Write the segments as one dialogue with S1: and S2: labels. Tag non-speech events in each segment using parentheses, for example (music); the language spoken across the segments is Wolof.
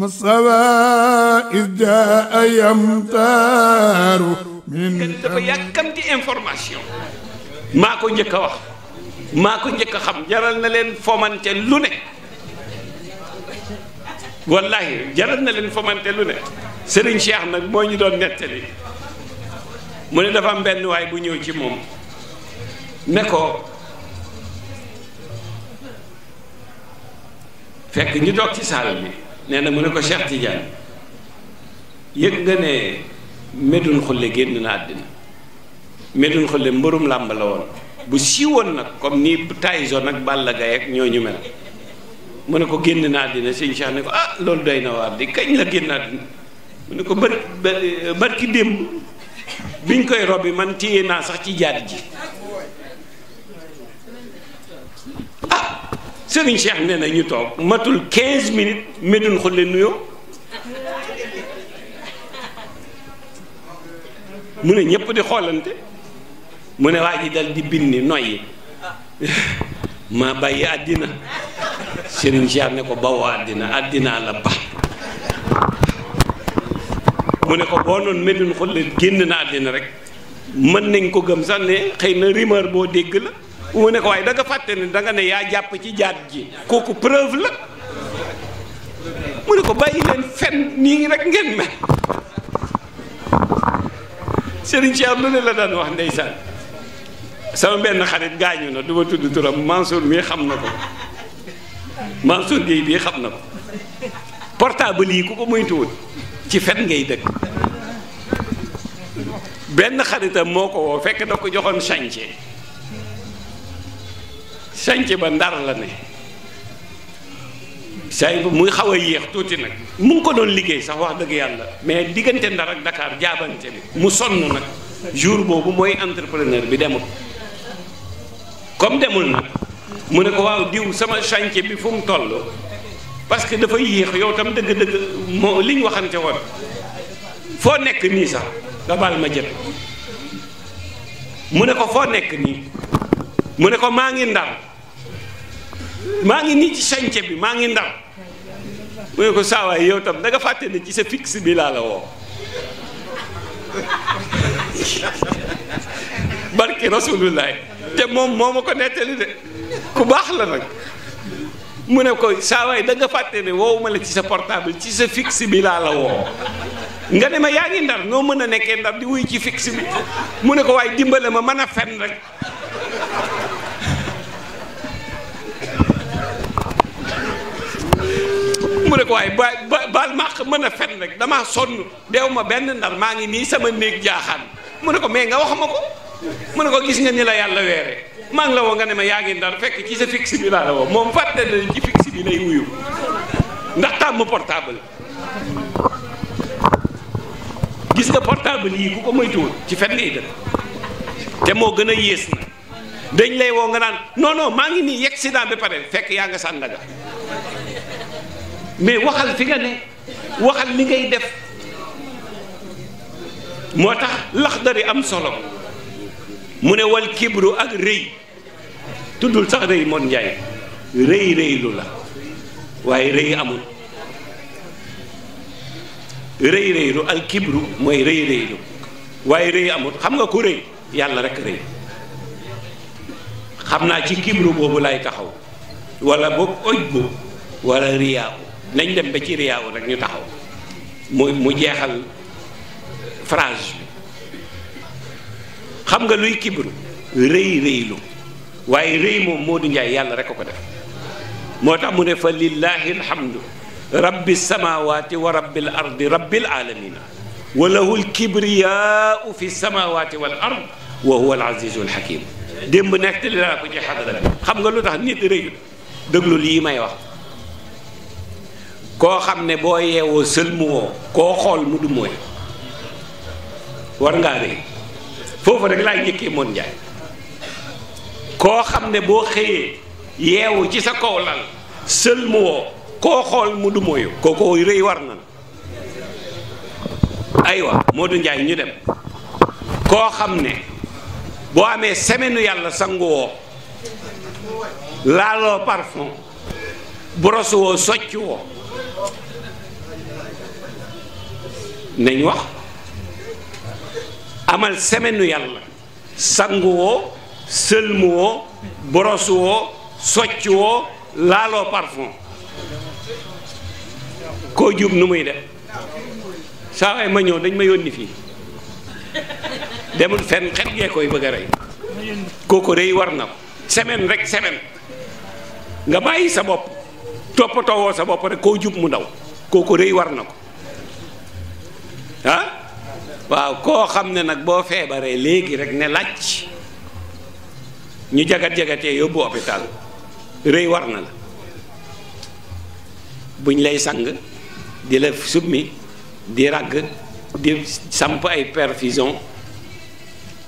S1: masawa is jaa yamtaaru
S2: min dafa yàkkamti information maako ko njëkk a wax maa ko njëkk a xam jaral na leen fomante lu ne wallahi jaral na leen fomante lu ne sëriñ Cheikh nag moo ñu doon nettali mu ne dafa am benn waay bu ñëw ci moom ne ko fekk ñu toog ci saal bi nee na mu ne ko Cheikh Tidiane yëg nga ne medun xulle génn na àddina medun xulle mbërum làmb la woon bu siiwoon nag comme ni Tyson ak Balla Gaye ak ñooñu mel mu ne ko génn na àddina sëñ Cheikh ne ko ah loolu doy na waar di kañ la génn àddina mu ne ko bër barki démb biñ koy robbi man téye naa sax ci jaat ji Serigne Cheikh nee na ñu toog matul 15 minutes Médoune Khoule nuyoo mu ne ñëpp di xoolante mu ne waa ji dal di binni noyyi maa bàyyi àddina Serigne Cheikh ne ko bawoo àddina àddinaa la ba mu ne ko boo noonu Médoune Khoule génn na àddina rek mën nañ ko gëm sax ne xëy na rumeur boo dégg la. mu ne ko waaye danga nga fàtte ne da nga ne yaa jàpp ci jaat ji kooku preuve la mu ne ko bàyyi leen fen nii rek ngeen mel Serigne Cheikh lu ne la daan wax ndeysaan sama benn xarit gaañu na du ma tudd turam Mansour mii xam na ko Mansour Gueye bii xam na ko portable yi ku ko moytuwul ci fen ngay dëkk benn xaritam moo ko woo fekk da ko joxoon chantier sanc ba ndar la ne say muy xaw a yéex tuuti nag mu ngi ko doon liggéey sax wax dëgg yàlla mais diggante ndar ak Dakar jaabante bi mu sonn nag jour boobu mooy entrepreneur bi demul comme demul nag mu ne ko waaw diw sama chantier bi fu mu toll parce que dafa yéex yow tam dëgg-dëgg moo li waxante woon foo nekk nii sax nga baal ma jël mu ne ko foo nekk nii mu ne ko maa ngi ndar maa ngi nii ci chantier bi maa ngi ndar mu ne ko saawaay yow tam da fàtte ne ci sa fixe bi laa la woo (laughs) barki rasulullaay te moom moo ma ko nettali de ku baax la nag mu ne ko saawaay da nga fàtte ne woowu la ci sa portable ci sa fix bi laa la woo nga ne ma yaa ngi ndar noo mën a nekkee ndar di wuy ci fixe bi mu ne ko waaye dimbale ma man a fen rek mu ne ko waaye ba baal ma mën a fen rek damaa sonn deew ma benn ndar maa ngi nii sama néeg jaaxaan mu ne ko mais nga wax ma ko mu ne ko gis nga ni la yàlla weere maa ngi la woo nga ne ma yaa ngi ndar fekk ci sa fixe bi laa la woo moom fàtte na ci fixe bi lay wuyu ndax tàmm portable gis nga portable yii ku ko moytuwul ci fen lii def te moo gën a yées na dañ lay woo nga naan non non maa ngi nii accident bi pare fekk yaa nga sàndaga mais waxal fi nga ne waxal li ngay def moo tax lax laxdari am solo mu ne wal kibru ak rëy tuddul sax rëy moon njaay rëy rëylu la waaye rëy amul rëy rëylu al kibru mooy rëy rëylu waaye rëy amul xam nga ku rëy yàlla rekk rëy xam naa ci kibru boobu lay taxaw walla boog oj bu wala riyaa nañ dem ba ci riyaaw ñu taxaw mu mu jeexal phrase xam nga luy kibru rëy rëylu waaye rëy moom Modou Ndiaye yàlla rek a ko def moo tax mu ne fa lillahi alhamdu rabbi samawati wa rabbi ardi rabbil alamina wa lahul kibriyaau fi samawati wal ard wa huwa al azizu al hakim démb nekk li laa ko ci xadara bi xam nga lu tax nit rëyul lii yi may wax koo xam ne boo yeewoo sël koo xool mu du mooy war ngaa rëy foofu rek laay njëkkee moon njaay koo xam ne boo xëyee yeewu ci sa kaw lal sël mu woo koo xool mu du mooyu kooko rëy war na aywa Modou Ndiaye ñu dem koo xam ne boo amee semaine yàlla sangu woo laaloo parfum brosse woo socc nañ wax amal semaine yàlla sangu woo sëlmu woo boros woo laaloo parfum koo jub nu muy def saa waay ma ñëw dañ ma yónni fii demul fenn xet gee koy bëgg a rey kooku rëy war na ko semaine rek semaine nga bàyyi sa bopp toppatoo woo sa bopp rek koo jub mu daw kooku rëy war na ko ah waaw koo xam ne nag boo feebaree léegi rek ne làcc ñu jagat jagatee yóbbu hôpital rëy war na la buñ lay sang di la summi di ràgg di samp ay perfusion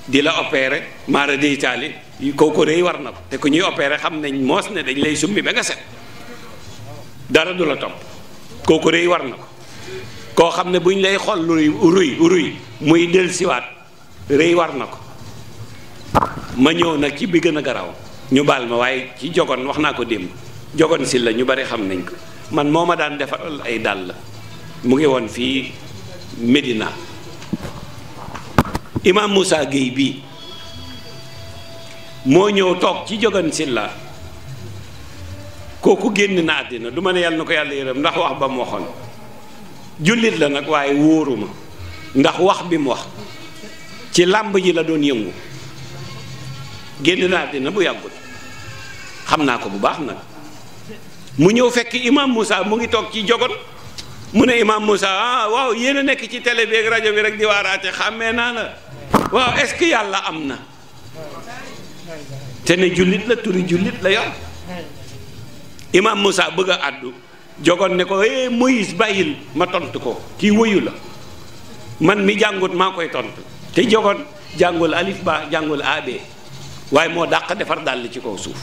S2: di la opéré maara di itaali kooku rëy war na ko te ku ñuy opéré xam nañ moos ne dañ lay summi ba nga set dara du la topp kooku rëy war na ko koo xam ne bu ñu lay xool luy ruy ruy muy del siwaat rëy war na ko ma ñëw nag ci bi gën a garaaw ñu baal ma waaye ci jogoon wax naa ko démb jogoon si la ñu bari xam nañ ko man moo ma daan defaral ay dàll mu ngi woon fii Medina Imam Moussa Gueye bi moo ñëw toog ci jogan si kooku génn na àddina du ma ne yàlla na ko yàlla yërëm ndax wax ba mu waxoon jullit la nag waaye wóoruma ndax wax bi mu wax ci làmb ji la doon yëngu génn na àddina bu yàggul xam naa ko bu baax nag mu ñëw fekk imam Moussa mu ngi toog ci jogon mu ne imam Moussa ah waaw yéen nekk ci tele bi ak rajo bi rek di waaraate xàmmee naa la waaw est yàlla am na te ne jullit la turi jullit la yor imam Moussa bëgg a àddu jogoon ne ko eh Moïse bàyyil ma tontu ko kii woyu la man mi jàngut maa koy tontu te jogoon jàngul alif ba jàngul ab waaye moo dàq defar dàll ci kaw suuf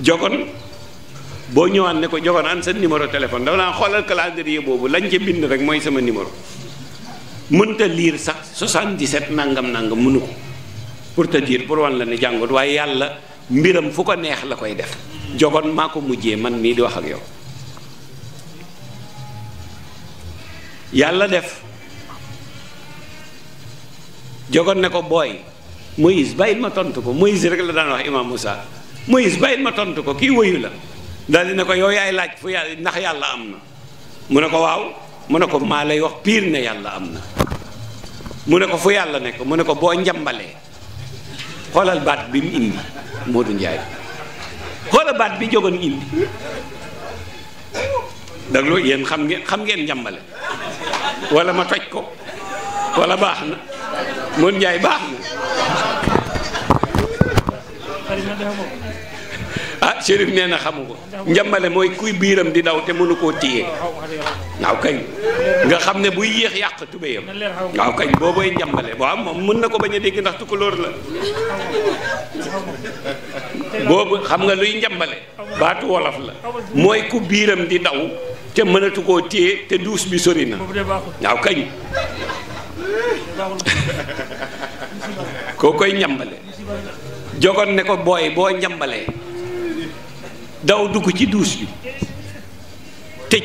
S2: jogoon boo ñëwaan ne ko jogoon an sa numéro téléphone dafa naa xoolal calendrier boobu lañ ca bind rek mooy sama numéro mënta liir sax 77 nangam nangam mënu ko pour te dire pour wan la ne jàngut waaye yàlla mbiram fu ko neex la koy def jogoon maa ko mujjee man mii di wax ak yow yàlla def jogoon ne ko booy Moïse bàyyil ma tontu ko Moïse rek la daan wax imam Moussa Moïse bàyyil ma tontu ko kii woyu la daal di ne ko yow yaay laaj fu yàlla ndax yàlla am na mu ne ko waaw mu ne ko maa lay wax piir ne yàlla am na mu ne ko fu yàlla nekk mu ne ko boo njambalee xoolal baat bi mu indi Modou Ndiaye xoolal baat bi jógoon indi daglu yéen xam ngeen xam ngeen njàmbale wala ma toj ko wala baax na Modou Ndiaye baax na ah Chérif nee na xamu ko njambale mooy kuy biiram di daw te mënu koo téye waaw kañ nga xam ne buy yéex yàq tubéyam waaw kañ boobooy njambale waaw moom mën na ko bañ a dégg ndax tu tukulóor la boobu xam nga luy njambale baatu wolof la mooy ku biiram di daw te mënatu koo téye te duus bi sori na waaw kañ koo koy njambale jogoon ne ko booy boo njambalee daw dugg ci duus bi tëj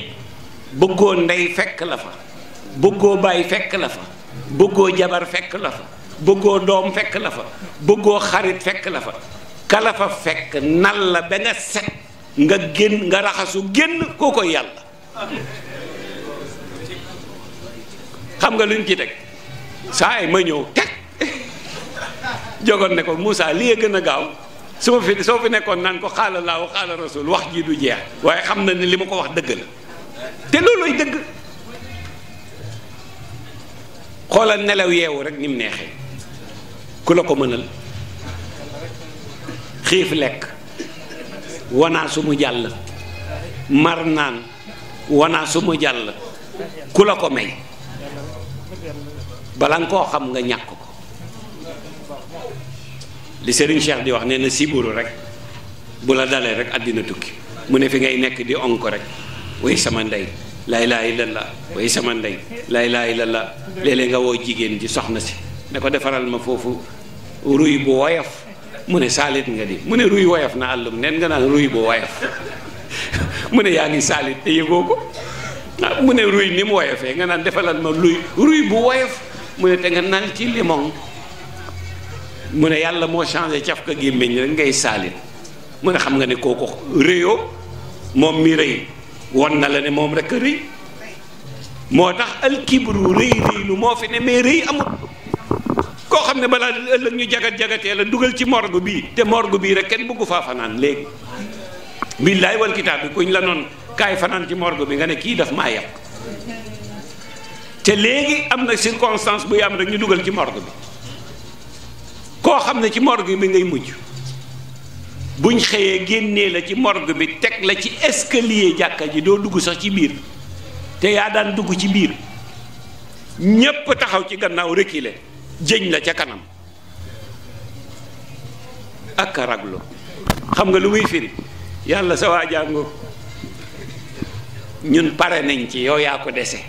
S2: bëggoo ndey fekk la fa bëggoo bàyyi fekk la fa bëggoo jabar fekk la fa bëggoo doom fekk la fa bëggoo xarit fekk la fa kala fekk nal la ba nga set nga génn nga raxasu génn koo ko yàlla xam nga luñ ci teg saa yi ma ñëw teg jogoon ne ko Moussa lii gën a gaaw su ma fi soo fi nekkoon naan ko xaala laaw xaala wax ji du jeex waaye xam na li ma ko wax dëgg la te loolooy dëgg xoolal nelaw yeewu rek ni mu neexee ku la ko mënal xiif lekk wanaa su mu jàll mar naan wanaa su mu jàll ku la ko may bala nga koo xam nga ñàkk ko li Serigne Cheikh di wax nee na rek bu la dalee rek àddina tukki mu ne fi ngay nekk di onk rek way sama ndey lay laay lalla way sama ndey lay laay lalla léeg nga woo jigéen ji soxna si ne ko defaral ma foofu ruy bu woyof mu ne saalit nga di mu ne ruy woyof na àllum neen nga naan ruy bu woyof (laughs) mu ne ngi saalit te yëgoo ko ah, ne ruy ni mu woyofee nga naan defalal ma luy ruy bu woyof mu ne te ci limon mu ne yàlla moo changé caf ka gémmiñ rek ngay saalit mu ne xam nga ne kooku réyo moom mi rëy won na la ne moom rek a rëy moo tax alkibru rëy rëy lu moo fi ne mais rëy amul koo xam ne balaa ëllëg ñu jagat jagatee la dugal ci morgue bi te morgue bii rek kenn bëggu faa fanaan léegi billaay wal kitaab bi kuñ la noon kaay fanaan ci morgue bi nga ne kii daf maa yàq te léegi am na circonstance buy am rek ñu dugal ci morgue bi koo xam ne ci morgue bi ngay mujj buñ xëyee génnee la ci morgue bi teg la ci escalier jàkka ji doo dugg sax ci biir te yaa daan dugg ci biir ñépp taxaw ci gannaaw reculer jëñ la ca kanam ak a raglu xam nga lu muy firi yàlla sa waa jàngu ñun pare nañ ci yow yaa ko dese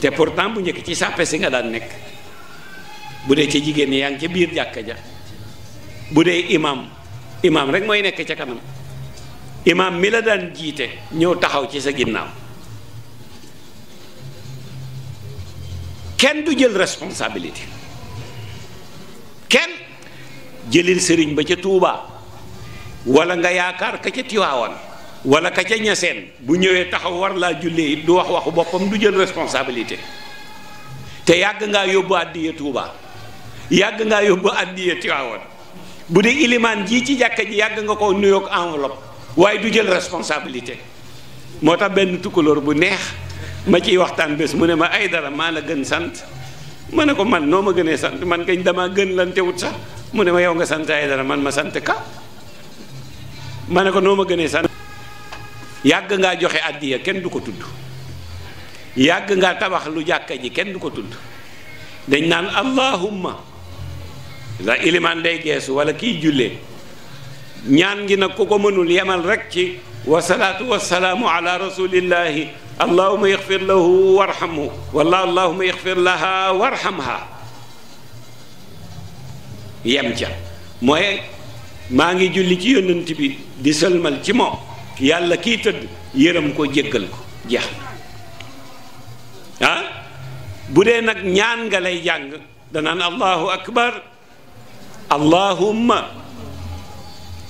S2: te pourtant bu njëkk ci sàppe si nga daan nekk bu dee ca jigéen yaa ngi ca biir jàkka ja bu dee imaam imaam rek mooy nekk ca kanam imaam mi la daan jiite ñëw taxaw ci sa ginnaaw kenn du jël responsabilité kenn jëlil sëriñ ba ca Touba wala nga yaakaar ka ca Tiwaawan wala ka ca ñaseen bu ñëwee taxaw war laa jullee it du wax waxu boppam du jël responsabilité te yàgg ngaa yóbbu àddiya Touba. yàgg ngaa yóbbu àddiya Tiwaawan bu dee ilimaan jii ci jàkka ji yàgg nga koo nuyook enveloppe waaye du jël responsabilité moo tax benn tukkulóor bu neex ma ciy waxtaan bés mu ne ma ay dara maa la gën sant ma ne ko man noo ma gënee sant man kañ damaa gën lante sax mu ne yow nga sant ay man ma sant ka ma ne ko noo ma gënee sant yàgg ngaa joxe àddiya kenn du ko tudd yàgg ngaa tabax lu jàkka ji kenn du ko tudd dañ naan allahumma ndax ilimaan day geesu wala kiy jullee ñaan gi nag ku ko mënul yemal rek ci wa salaatu wa salaamu ala rasulillahi allahuma yaxfir lahu warhamhu wala allahuma yaxfir laha warhamha yem ca mooy maa ngi julli ci yónnant bi di sëlmal ci moom yàlla kiy tëdd yërëm ko jéggal ko jeex ah bu dee nag ñaan nga lay jàng danaan allahu akbar allahumma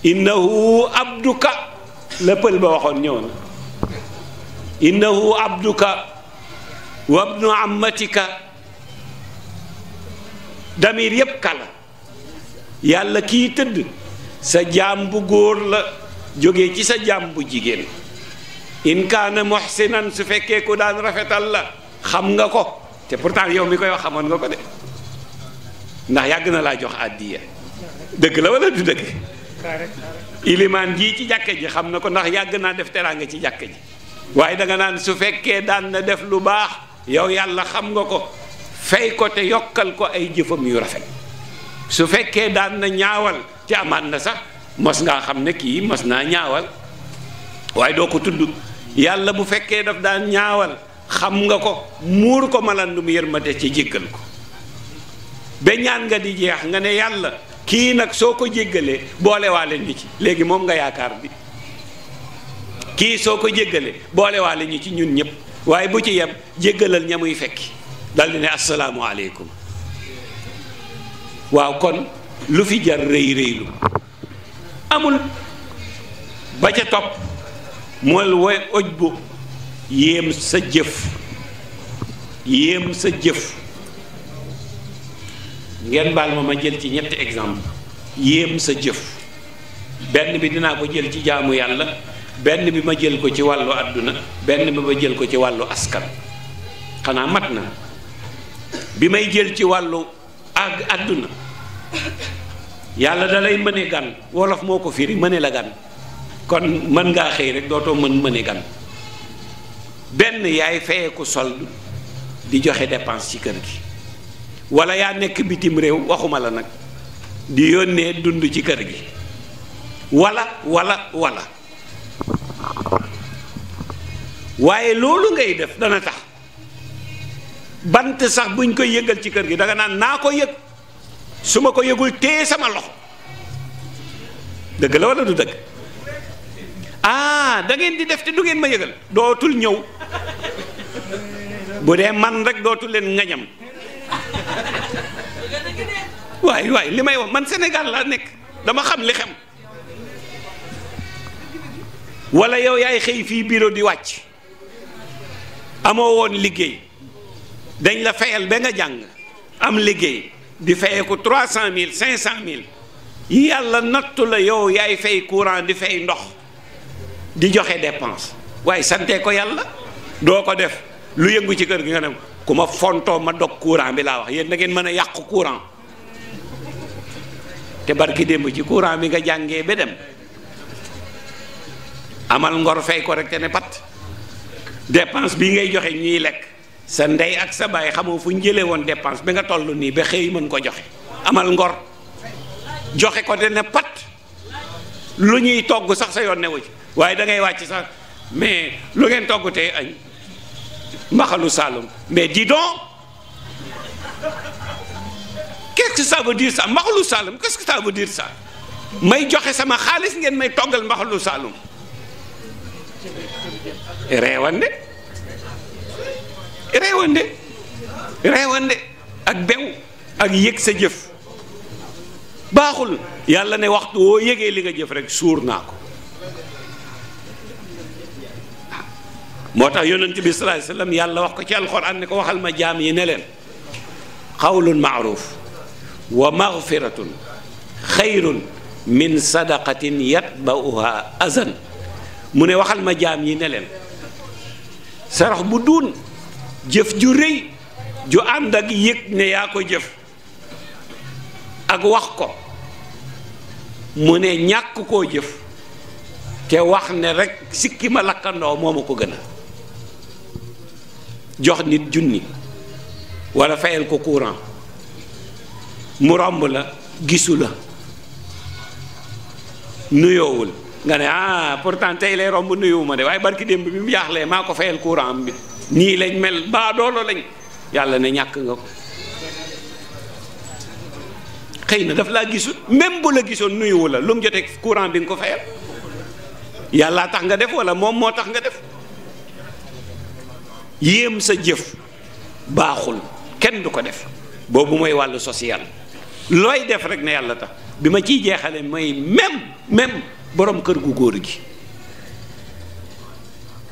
S2: innahu abduka la pël ba waxoon ñëw na innahu abduka wa bnu ammatika damir yépp kala yàlla kii tëdd sa jaam bu góor la jóge ci sa jaam bu jigéen in kaana muhsinan su fekkee ku daan rafetal la xam nga ko te pourtant yow mi koy wax xamoon nga ko de ndax yàgg na laa jox àddiya dëgg la wala du dëgg ilimaan jii ci jàkka ji xam na ko ndax yàgg naa def teraanga ci jàkka ji waaye danga naan su fekkee daan na def lu baax yow yàlla xam nga ko fay ko te yokkal ko ay jëfam yu rafet su fekkee daan na ñaawal ci amaat na sax mos ngaa xam ne kii mos naa ñaawal waaye doo ko tudd yàlla bu fekkee daf daan ñaawal xam nga ko muur ko ma yërmate ci jéggal ko ba ñaan nga di jeex nga ne yàlla kii nag soo ko jéggalee boole ñu ci léegi moom nga yaakaar bi kii soo ko jéggalee boole ñu ci ñun ñëpp waaye bu ci yem jéggalal ña muy fekki dal di ne asalaamualeykum waaw kon lu fi jar rëy rëylu amul ba ca topp mooy woy oj bu yéem sa jëf yéem sa jëf ngeen baal ma ma jël ci ñetti exemple yéem sa jëf benn bi dinaa ko jël ci jaamu yàlla benn bi ma jël ko ci wàllu àdduna benn bi ma jël ko ci wàllu askan xanaa mat na bi may jël ci wàllu àgg àdduna yàlla da lay mëne gan wolof moo ko firi mëne la gan kon mën ngaa xëy rek dootoo mën mëne gan benn yaay feye ko solde di joxe dépense ci kër gi wala yaa nekk bitim réew waxuma la nag di yónnee dund ci kër gi wala walla wala waaye loolu ngay def dana tax bant sax buñ koy yëgal ci kër gi danga naan naa ko yëg su ma ko yëgul téye sama loxo dëgg la wala du dëgg ah da ngeen di def te du ngeen ma yëgal dootul ñëw bu dee man rek dootul leen ngañam waay waay li may man Sénégal laa nekk dama xam li xam wala yow yaay xëy fii bureau di wàcc amoo woon liggéey dañ la fayal ba nga jàng am liggéey di fayeeku trois cent mille cinq cent mille yàlla nattu la yow yaay fay courant di fay ndox di joxe dépense waaye sante ko yàlla doo ko def lu yëngu ci kër gi nga dem ku ma fontoo ma dog courant bi laa wax yéen da ngeen mën a yàq courant te barki démb ci courant bi nga jàngee ba dem amal ngor fay ko rek te ne pat dépense bi ngay joxe ñuy lekk sa ndey ak sa baay xamoo fu ñu jëlee woon dépense bi nga toll nii ba xëy mën ko joxe amal ngor joxe ko te ne pat lu ñuy togg sax sa yoon newu ci waaye da ngay wàcc sax mais lu ngeen togg tey mbaxalu Saloum mais dis donc qu'est-ce que ça veut dire ça mbaxalu Saloum qu'est-ce que ça veut dire may joxe sama xaalis ngeen may toggal mbaxalu Saloum reewande reewande reewande ak bew ak yëg sa jëf baaxul yàlla ne waxtu woo yëgee li nga jëf rek suur naa ko moo tax yonent bi sa alayhi yàlla wax ko ci alxuraan ne ko waxal ma jaam yi ne leen qawlun ma'ruf wa maghfiratun mu ne waxal ma jaam yi ne leen sarax bu duun jëf ju rëy ju ànd ak yëg ne yaa ko jëf ak wax ko mu ne ñàkk koo jëf ke wax ne rekk sikki ma lakkandoo moo ma ko gën jox nit junni walla fayal ko courant mu romb la gisu la nuyoowul nga ne ah pourtant tey lay romb ma de waaye barki démb bi mu yaaxlee maa ko fayal courant bi nii lañ mel baa lañ yàlla ne ñàkk nga ko xëy na daf laa gisul même bu la gisoon nuyuwu la lu mu jotee courant bi nga ko fayal yàlla tax nga def walla moom moo tax nga def yéem sa jëf baaxul kenn du ko def boobu mooy wàllu social looy def rek ne yàlla tax bi ma ciy jeexale mooy même même boroom kër gu góor gi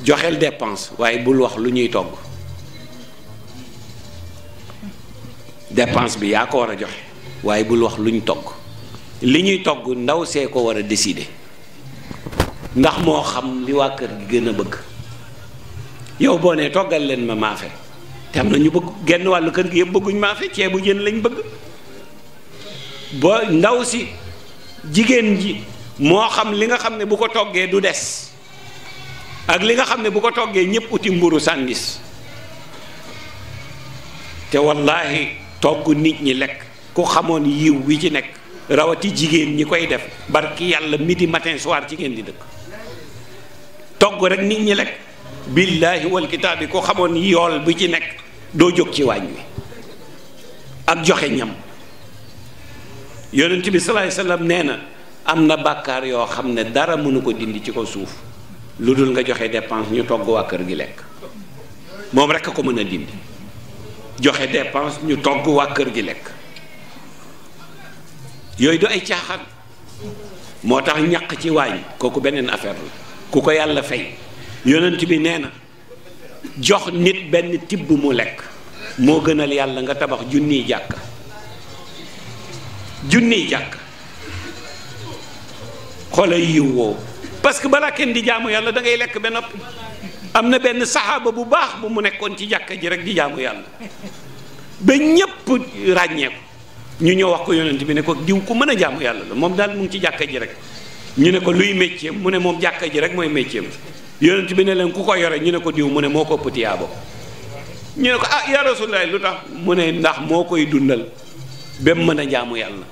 S2: joxel dépense waaye bul wax lu ñuy togg dépense bi yaa ko war a joxe waaye bul wax lu togg li ñuy togg ndaw see ko war a décider ndax moo xam li waa kër gi gën a bëgg yow boo nee toggal leen ma maafe te am na ñu bëgg genn wàll kër gi yëpp bëgguñ maafe ceebu jën lañ bëgg boo ndaw si jigéen ji moo xam li nga xam ne bu ko toggee du des ak li nga xam ne bu ko toggee ñëpp uti mburu sàndis te wallahi togg nit ñi lekk ku xamoon yiw wi ci nekk rawati jigéen ñi koy def barki yàlla midi matin soir ci ngeen di dëkk togg rek nit ñi lekk billaahi wal kitaabi ko xamoon yool bi ci nekk doo jóg ci waañ wi ak joxe ñam yonent bi salaay salaam nee na am na bàkkaar yoo xam ne dara mënu ko dindi ci ko suuf lu dul nga joxe dépense ñu togg waa kër gi lekk moom rekk a ko mën a dindi joxe dépense ñu togg waa kër gi lekk yooyu du ay caaxaan moo tax ñaq ci waañ kooku beneen affaire la ku ko yàlla fay yonent bi nee na jox nit benn tibb mu lekk moo gënal yàlla nga tabax junniy jàkk junniy jàkk xoola yiw woowu parce que balaa kenn di jaamu yàlla da ngay lekk ba noppi am na benn saxaaba bu baax bu mu nekkoon ci jàkka ji rek di jaamu yàlla ba ñépp ràññeeku ñu ñëw wax ko yonent bi ne ko diw ku mën a jaamu yàlla la moom daal mu ci jàkka ji rek ñu ne ko luy métier mu ne moom jàkka ji rek mooy métier yonent bi ne leen ku ko yore ñu ne ko diw mu ne moo ko ëpp tiyaabo ñu ne ko ah yaa rasulallaah lu tax mu ne ndax moo koy dundal ba mën a jaamu yàlla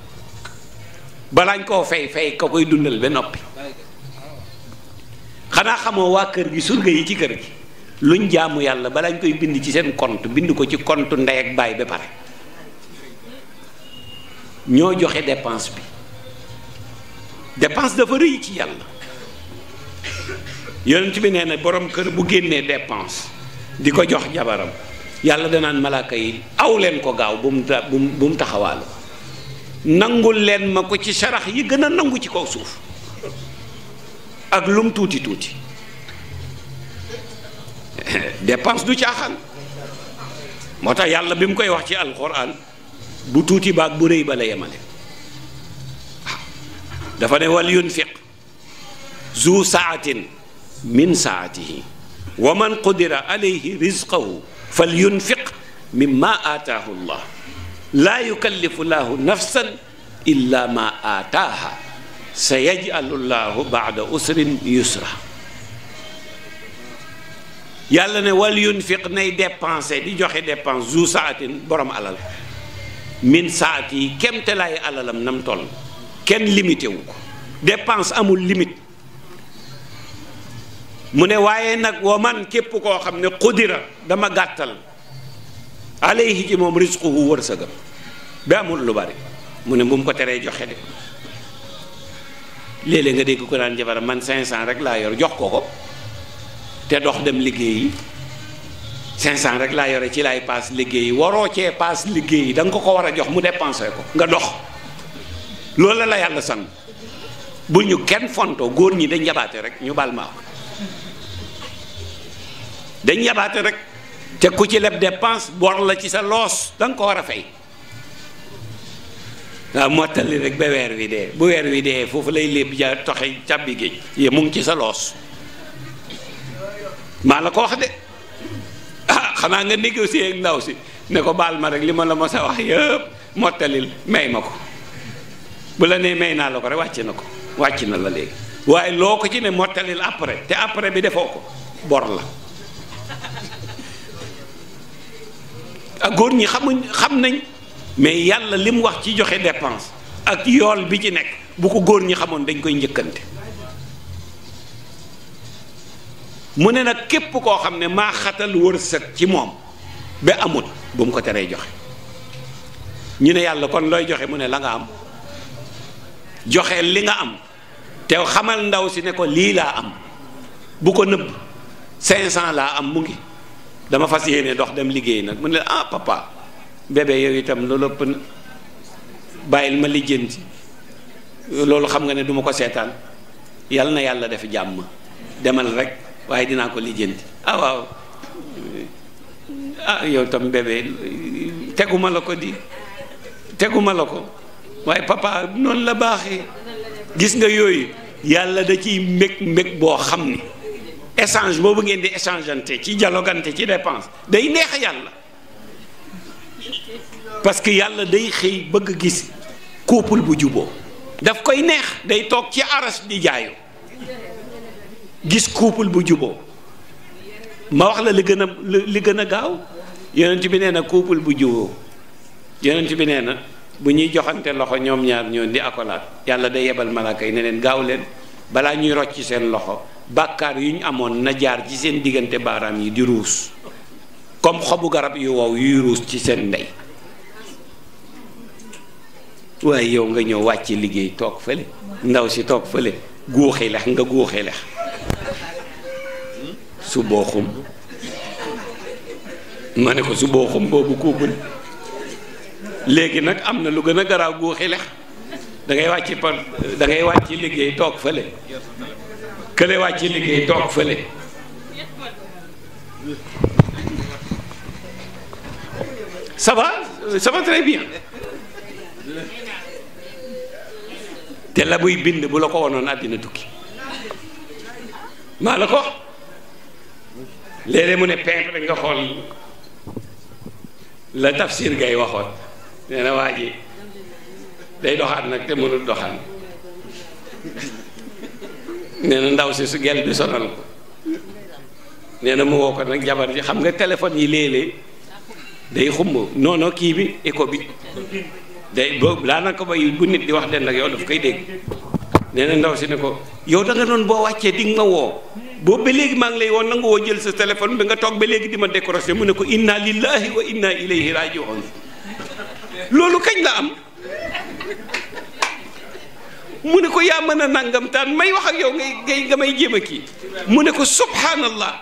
S2: balaañ koo fay fay ka koy dundal ba noppi xanaa xamoo waa kër gi surga yi ci kër gi luñ jaamu yàlla balaañ koy bind ci seen compte bind ko ci compte ndey ak baay ba pare ñoo joxe dépense bi dépense dafa rëy ci yàlla yonent bi nee na boroom kër bu génnee depanse di ko jox jabaram yàlla danaan malaaka yi aw ko gaaw bu mu bu nangul leen ma ko ci sarax yi gën a nangu ci kaw suuf ak lum tuuti tuuti (laughs) dépense du caaxaan moo tax yàlla bi mu koy wax ci alxuraan bu tuuti baag bu rëy ba la yemale dafa ne wal yunfiq zu saatin min saatihi wa man qudira alayhi rizqahu fal yunfiq mimma aataahu llah laa yukallifu llahu nafsan illa ma aataaha sa yaj'alu llahu ba'da usrin yusra yàlla ne wal yunfiq nay dépensé di joxe dépense zu saatin borom alal min saati yi kemte laay alalam nam toll kenn limité wu ko dépense amul limite mu ne waaye nag wa man képp koo xam ne qudira dama gàttal alayhi ci moom risquhu wërsëgam bi amul lu bari mu ne bu mu ko teree joxe de léeg-léeg nga dégg ko daan jabaram man 500 rek laa yor jox ko ko te dox dem liggéey liggéeyi 500 rek laa yore ci laay paas liggéeyi waroo cee paas liggéeyi da nga ko ko war a jox mu dépensé ko nga dox loolu la la yàlla sant bu ñu kenn fontoo góor ñi dañ jabaate rek ñu baal dañ yabaate rek te ku ci leb dépense bor la ci sa loos da nga ko war a fay waaw mottali rek ba weer wi de bu weer wi de foofu lay léeb ja toxe càbbi géej yee mu ngi ci sa loos maa la ko wax de (laughs) ah xanaa nga négocier ak ndaw si ne ko baal ma rek li ma la ma sa wax yëpp mottalil may ma ko bu la nee may naa la ko rek wàcc na ko wàcc na la léegi waaye loo ko ci ne mottalil après te après bi defoo ko bor la ak góor ñi xamuñ xam nañ mais yàlla li mu wax ci joxe dépense ak yool bi ci nekk bu ko góor ñi xamoon dañ koy njëkkante mu ne nag képp koo xam ne maa xatal wërsëg ci moom ba amut bu mu ko teree joxe ñu ne yàlla kon looy joxe mu ne la nga am joxe li nga am te xamal ndaw si ne ko lii laa am bu ko nëbb 500 laa am mu ngi. dama fas yéene dox dem liggéey nag mu ne ah papa bébé yow itam loolu ëpp bàyyil ma lijjanti loolu xam nga ne duma ko seetaan yal na yàlla def jàmm demal rek waaye dinaa ko lijjanti ah waaw ah yow itam bébé teguma la ko di teguma la ko waaye papa noonu la baaxee gis nga yooyu yàlla da ciy mbég mbég boo xam ni échange boobu ngeen di échangeante ci dialogante ci dépense day neex yàlla parce que yàlla day xëy bëgg gis couple bu juboo daf koy neex day toog ci aras di jaayu gis couple bu juboo ma wax la li gën a li gën a gaaw yonent bi nee na couple bu juboo yonent bi nee na bu ñuy joxante loxo ñoom ñaar ñoon di akolaat yàlla day yebal malaaka yi ne leen gaaw leen balaa ñuy rocc seen loxo bàkkaar yu ñu amoon na jaar ci seen diggante baaraam yi di ruus comme xobu garab yu wow yuy ruus ci seen ndey waaye yow nga ñëw wàcc liggéey toog fële ndaw si toog fële guuxi lex nga guuxi lex su booxum ma ne ko su booxum boobu kuubul léegi nag am na lu gën a garaaw guuxi lex da ngay wàcc par da ngay liggéey toog fële kële wàcc liggéey toog fële ça va ça va bien te la buy bind bu la ko wonoon àddina tukki maa la ko léeg mu ne peintre nga xool la tafsir gay waxoon nee na waa ji day nag te mënul doxaan nee na ndaw si su gel bi sonal ko nee na mu woo ko nag jabar ji xam nga téléphone yi léeg-léeg day xumb noono kii bi écho bi day boobu daanaka ba bu nit di wax den ak yow daf koy dégg nee na ndaw si ne ko yow da nga doon boo wàccee di nga ma woo boobu ba léegi maa ngi lay woon na woo jël sa téléphone bi nga toog ba léegi di ma décroché mu ne ko inna lillahi wa inna ilayhi rajiun loolu kañ la am mu ne ko yaa mën a nangam may wax ak yow ngay nga may jéem a kii mu ne ko subhanallah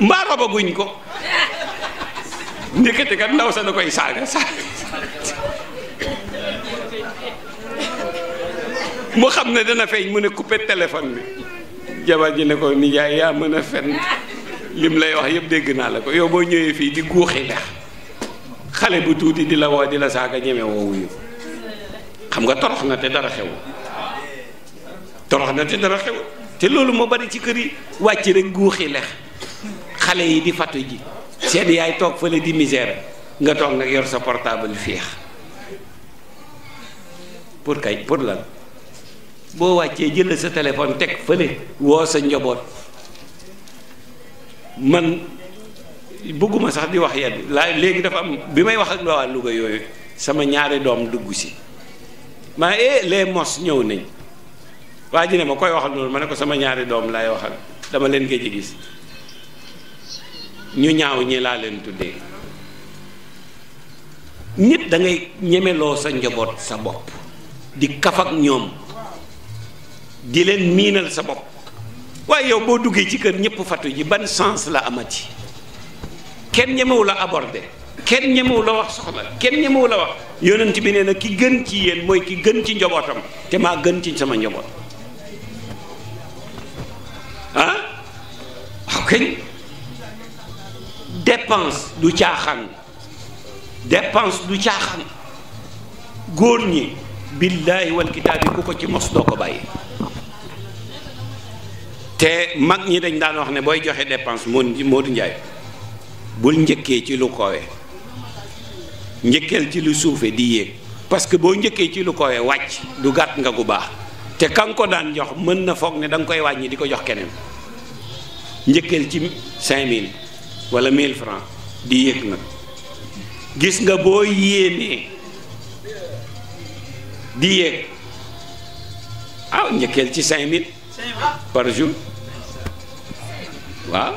S2: mbaa rabaguñ ko ndekete kat ndaw sa da koy saaga saaga mu xam ne dana feeñ mu ne coupé téléphone bi jabar ji ne ko nijaay yaa mën a fen lim lay wax yëpp dégg naa la ko yow boo ñëwee fii di guuxi lex xale bu tuuti di la woo di la saaga ñeme woowuñu xam nga torox na te dara xew torox na te dara xew te loolu moo bari ci kër yi wàcc rek guuxi lex xale yi di fatu ji seet yaay toog fële di misère nga toog nag yor sa portable fiix pour kay pour lan boo wàccee jël sa téléphone teg fële woo sa njaboot man bëgguma sax di wax yenn laa léegi dafa am bi may wax ak waa Louga yooyu sama ñaari doom dugg si maa eh les mos ñëw nañ waa ji ma koy waxal loolu ma ne ko sama ñaari doom laay waxal dama leen géej gis ñu ñaaw ñi laa leen tuddee nit da ngay ñemeloo sa njaboot sa bopp di kafak ñoom di leen miinal sa bopp waaye yow boo duggee ci kër ñëpp fatu ji ban sens la amati kenn ñemewu la aborder kenn ñemewu la wax soxla kenn ñemewu la wax yonent bi nee na ki gën ci yéen mooy ki gën ci njobootam te maa gën ci sama njoboot ah waaw dépense du caaxaan dépense du caaxaan góor ñi billaahi wal kitaabi ku ko ci mos doo ko bàyyi te mag ñi dañ daan wax ne booy joxe dépense moo moo du njaay bul njëkkee ci lu koowee njëkkeel ci lu suufe di yéeg parce que boo njëkkee ci lu kowe wàcc du gàtt nga gu baax te kan ko daan jox mën na foog ne danga nga koy wàññi di ko jox keneen njëkkeel ci 5000 wala 1000 francs di yéeg nag gis nga boo yéenee di yéeg ah njëkkeel ci 5000 par jour waaw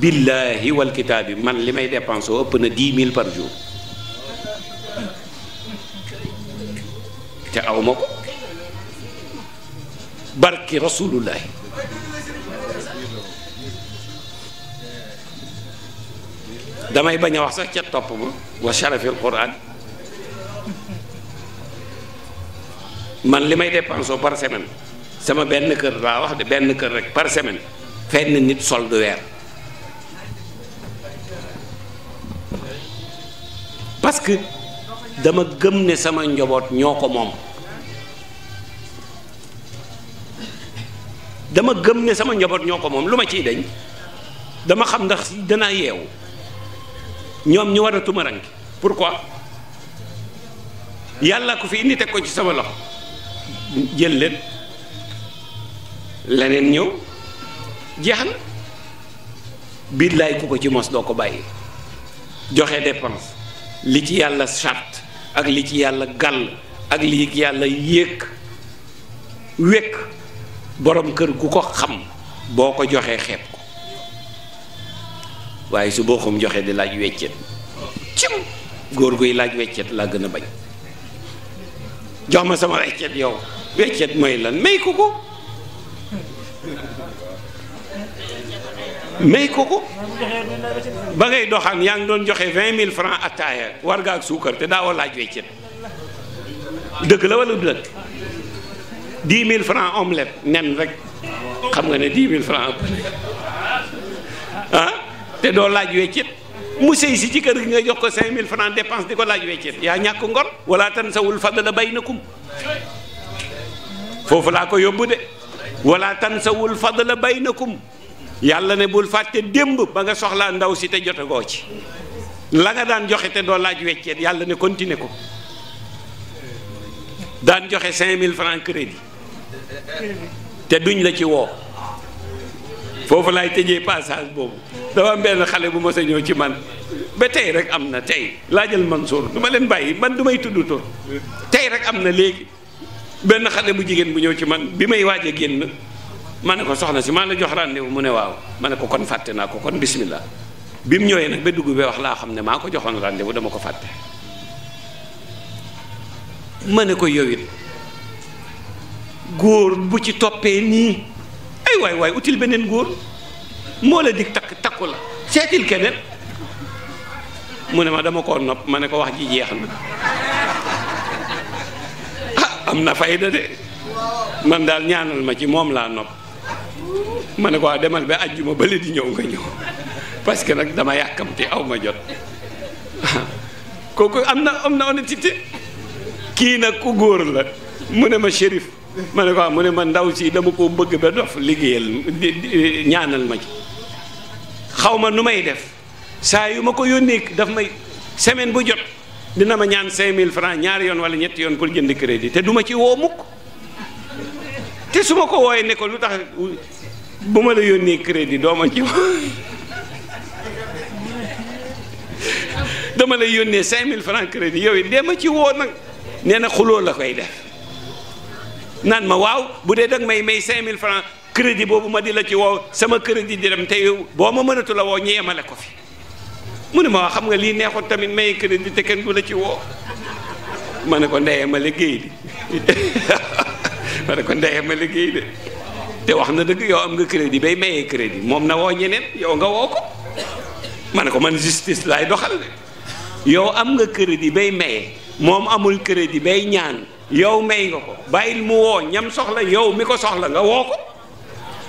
S2: billaahi wal kitaabi man li may dépensé ëpp na 10 000 par jour te aw ma ko barki rasulullahi damay bañ a wax sax ca topp ma wa sharafil quran man li may dépensé par semaine sama benn kër laa wax de benn kër rek par semaine fenn nit soldu weer parce dama gëm ne sama njaboot ñoo ko moom dama gëm ne sama njaboot ñoo ko moom lu ma ciy dañ dama xam ndax danaa yeewu ñoom ñu war a pour pourquoi yàlla ko fi indi teg ko ci sama loxo jël leen leneen ñëw jeex na billaay ku ko ci mos doo ko bàyyi joxe dépense li ci yàlla charte ak li ci yàlla gàll ak li yàlla yéek wékk boroom kër gu ko xam boo ko joxee xeeb ko waaye su boo xam joxee di laaj weccet cim góor guy laaj weccet laa gën a bañ jox ma sama weccet yow weccet mooy la may ko ko may ko ko ba ngay doxaan yaa ngi doon joxe vingt mille francs attaaya war nga ak suukar te daawoo laaj weccet dëgg la wala du dëgg dix mille francs omelette nen rek xam nga ne dix mille francs ah te doo laaj weccet mu sëy si ci kër gi nga jox ko cinq mille francs dépense di ko laaj weccet yaa ñàkk ngor wala tan sawul fadla baynakum foofu laa ko yóbbu de wala tan sawul fadla baynakum yàlla ne bul fàtte démb ba nga soxlaa ndaw si te jote jotagoo ci la nga daan joxe te doo laaj wecceet yàlla ne continuer ko daan joxe mille francs crédit te duñ la ci woo foofu laay tëjee passage boobu dafa am benn xale bu ma a ñëw ci man ba tey rek am na tey laajal Mansour du ma leen bàyyi man du may tudd tur tey rek am na léegi benn xale bu jigéen bu ñëw ci man bi may waaj a génn. ma ne ko soxna si maa la jox rendez-vous mu ne waaw ma ne ko kon fàtte naa ko kon bismillah bi mu ñëwee nag be dugg ba wax laa xam ne maa ko joxoon rendez-vous dama ko fàtte ma ne ko yow it góor bu ci toppee nii ay waay waay util beneen góor moo la dig takk takku la seetil keneen mu ne ma dama koo nopp ma ne ko wax ji jeex na (laughs) ah, am na fayda de man daal ñaanal ma ci moom laa nopp ma ne ko waa ah, demal ba àjjuma ba di ñëw nga ñëw parce que nag dama yàkkamti aw ma jot (laughs) kooku am na am na honnêteté kii nag ku góor la mu ne ma shérif ma ne ko ah, mu ne ma ndaw si dama ko bëgg ba dof liggéeyal ñaanal ma ci xaw ma nu may def saa yu ma ko yónneek daf may semaine bu jot dina ma ñaan mille francs ñaar yoon wala ñetti yoon pour jënd crédit te duma ci woo mukk te su ma ko wooyee ne lu tax bu ma la yónnee crédit dooma ma ci dama la yónnee cinq mille francs crédit yow it dee ma ci woo nag nee na xuloo la koy def naan ma waaw bu dee dag may may cinq mille francs crédit boobu ma di la ci woo sama crédit di dem te yow boo ma mënatu la woo ñu yemale ko fi mu ne ma wax xam nga lii neexut tamit may crédit te kenn du la ci woo ma ne ko ndeyema liggéey di (laughs) ma ne ko ndeyema liggéey de te wax na dëgg yow am nga crédit bay mayee crédit moom na woo ñeneen yow nga woo ko ma ne ko man justice laay doxal de yow am nga crédit bay maye moom amul crédit bay ñaan yow may nga ko bàyyil mu woo ñam soxla yow mi ko soxla nga woo ko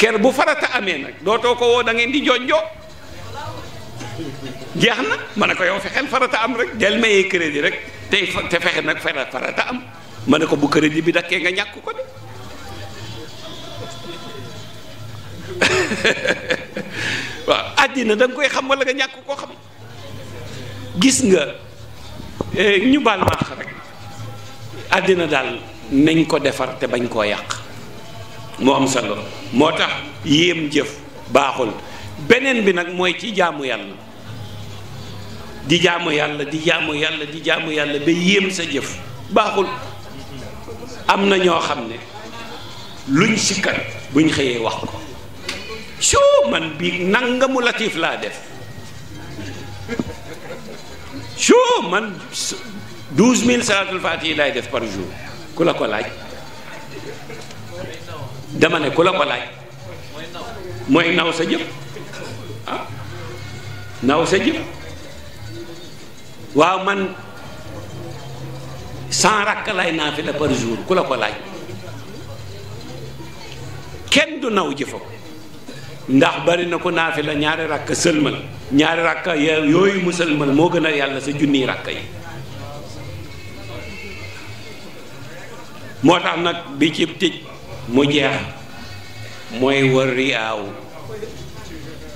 S2: ker bu farata amee nag dootoo ko woo da ngeen di jonjoo jeex na ma ne ko yow fexeel farata am rek del mayee crédit rek tey te fexe nag farata am ma ne ko bu crédit bi dakkee nga ñàkk ko de (laughs) waaw àddina da koy xam wala nga ñàkk koo xam gis nga eh, ñu baal maax rek àddina daal nañ ko defar te bañ koo yàq moo am solo moo tax yéem jëf baaxul beneen bi nag mooy ci jaamu yàlla di jaamu yàlla di jaamu yàlla di jaamu yàlla ba yéem sa jëf baaxul am na ñoo xam ne luñ sikkat buñ xëyee wax ko suu man bii nangamu latif laa def suu man douze mille salaatul faatihi laay def par jour ku la ko laaj dama ne ku la ko laaj mooy naw sa jëp ah, naw sa jëpp waaw man cent rakk laay naafila par jour ku la ko laaj kenn du naw jëfam ndax bari na ko naafila ñaari rakk sëlmal ñaari rakk yooyu mu sëlmal moo gën a yàlla sa junniy rakk yi moo tax nag bi ci tëj mu jeex mooy war riyaawu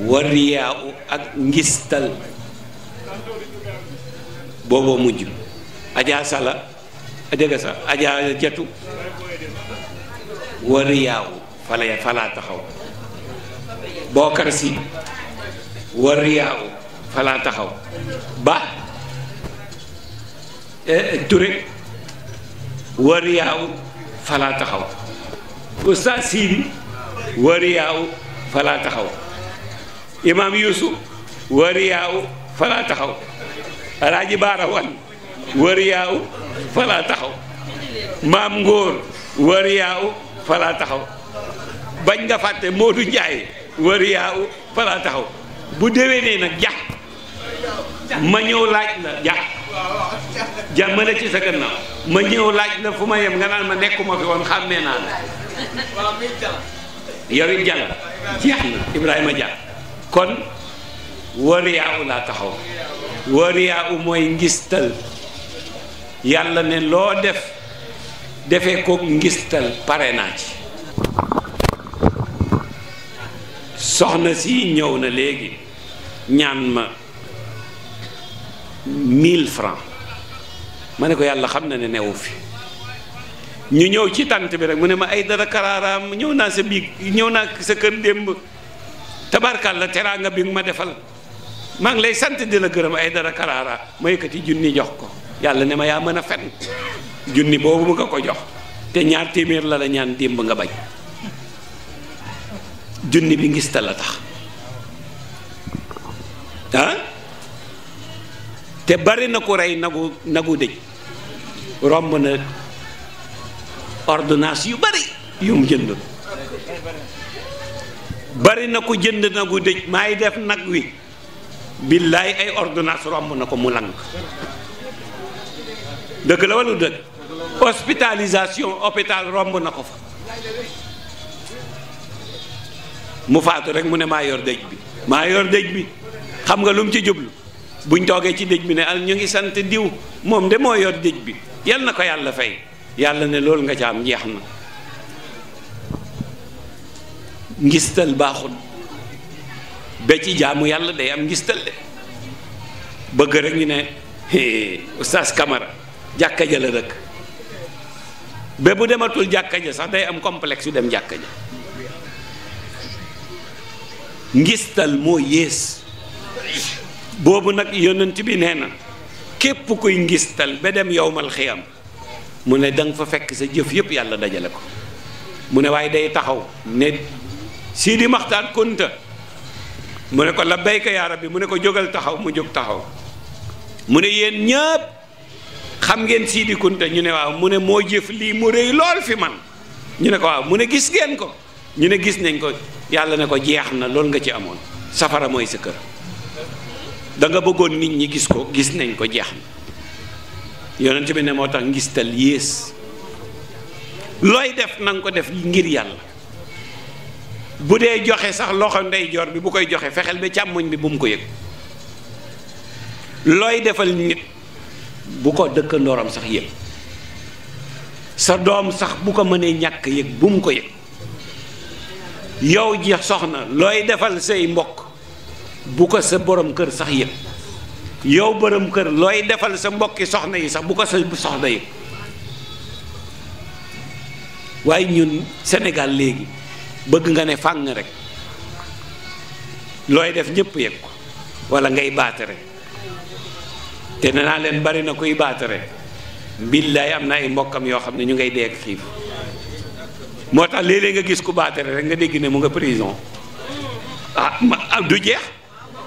S2: war ak ngistal booboo mujj ajaa sala ajëga sa ajaa jatu war riyaawu fala falaa bookar si wa riyaaw falaa taxaw ba e, e, Touré wa riyaaw falaa taxaw Oustaz Sidi wa riyaaw falaa taxaw Imaam Yuusuf wa riyaaw falaa taxaw Alaaji Baara Wan wa riyaaw falaa taxaw Maam Ngóor wa riyaaw falaa taxaw bañ nga fàtte du Ndiaye war yaa u falaa taxaw bu déwénee nag jax ma ñëw laaj la jax ja ma ci sa gannaaw ma ñëw laaj la fu ma yem nga naan ma nekkuma fi woon xàmmee naa la yow it jàll jeex na Ibrahima jàll kon wariyaa u laa taxaw wariyaa u mooy ngistal yàlla ne loo def defee ko ngistal pare naa ci soxna si ñëw na léegi ñaan ma mille francs ma ne ko yàlla xam na ne newu fi ñu ñëw ci tànt bi rek mu ne ma ay dara karaaraam ñëw naa sa biig ñëw naa sa kër démb la teraanga bi ma defal maa ngi lay sant di la gërëm ay dara karaara ma yëkkati junni jox ko yàlla ne ma yaa mën a fen junni boobu mu nga ko jox te ñaar téeméer la la ñaan démb nga bañ junni bi ngis ta la tax ah? te bari na ko rey nagu nagu dëj romb na ordonnance yu bari yu mu jënd bari na ko jënd nagu dëj maay def nag wi billaay ay ordonnance romb na ko mu lang dëgg la wala dëgg hospitalisation hôpital romb na ko fa mu faatu rek mu ne maa yor dëj bi maa yor dëj bi xam nga lum ci jublu buñ toogee ci dëj bi ne al ñu ngi sant diw moom de moo yor dëj bi yal na ko yàlla fay yàlla ne loolu nga ci am jeex na ngistal baaxul ba ci jaamu yàlla day am ngistal de bëgg rek ñu ne oustaz Camara jàkka ja la dëkk ba bu dematul jàkka ja sax day am complexe yu dem jàkka ja ngistal moo yées boobu nag yonent bi nee na képp kuy ngistal ba dem yowmal xiyam mu ne danga fa fekk sa jëf yépp yàlla dajale ko mu ne waaye day taxaw ne Sidi Maxtaar Kunta mu ne ko la labbayka yaa bi mu ne ko jógal taxaw mu jóg taxaw mu ne yéen ñëpp xam ngeen Sidi Kunta ñu ne waaw mu ne moo jëf lii mu rëy lool fi man ñu ne ko waaw mu ne gis ngeen ko ñu ne gis nañ ko yàlla ne ko jeex na loolu nga ci amoon safara mooy sa kër da bëggoon nit ñi gis ko gis nañ ko jeex na yonent bi ne moo tax ngistal yées looy def na ko def ngir yàlla bu dee joxe sax loxo ndeyjoor bi bu koy joxee fexeel ba càmmoñ bi bu mu ko yëg looy defal nit bu ko dëkkandooram sax yëg sa doom sax bu ko mënee ñàkk yëg bu mu ko yëg yow ji soxna looy defal say mbokk bu ko sa boroom kër sax yëg yow borom kër looy defal sa mbokki soxna yi sax bu ko sa soxna yëg waaye ñun senegal léegi bëgg nga ne fànn rek looy def ñëpp yëg ko wala ngay baatare te nee naa leen bari na kuy baatare billaay am na ay mbokkam yoo xam ne ñu ngay dee ak xiif moo tax léeg-léeg nga gis ku baatare rek nga dégg ne mu nga prison ah, ah du jeex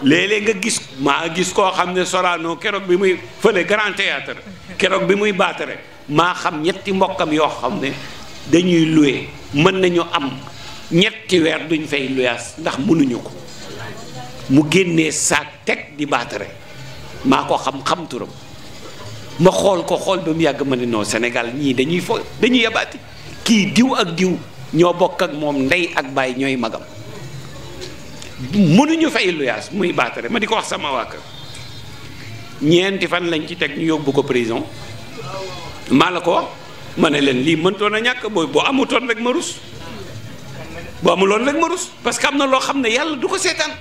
S2: léeg-léeg nga gis maa gis koo xam ne soraanoo keroog bi muy fële grand théâtre keroog bi muy baatare maa xam ñetti mbokkam yoo xam ne dañuy luwe mën nañu am ñetti weer duñ fay luyaas ndax mënuñu ko mu génnee saak teg di baatare maa ko xam xam turam ma xool ko xool ba mu yàgg ma ne non Sénégal ñii dañuy fo dañuy yabaati kii diw ak diw ñoo bokk ak moom ndey ak baay ñooy magam mënuñu fay luyaas muy baatare ma di ko wax sama waa kër ñeenti fan lañ ci teg ñu yóbbu ko prison maa la ko wax ma ne leen lii mëntoon a ñàkk booy boo amutoon rek ma rus boo amuloon rek ma rus parce que am na loo xam ne yàlla du ko seetaan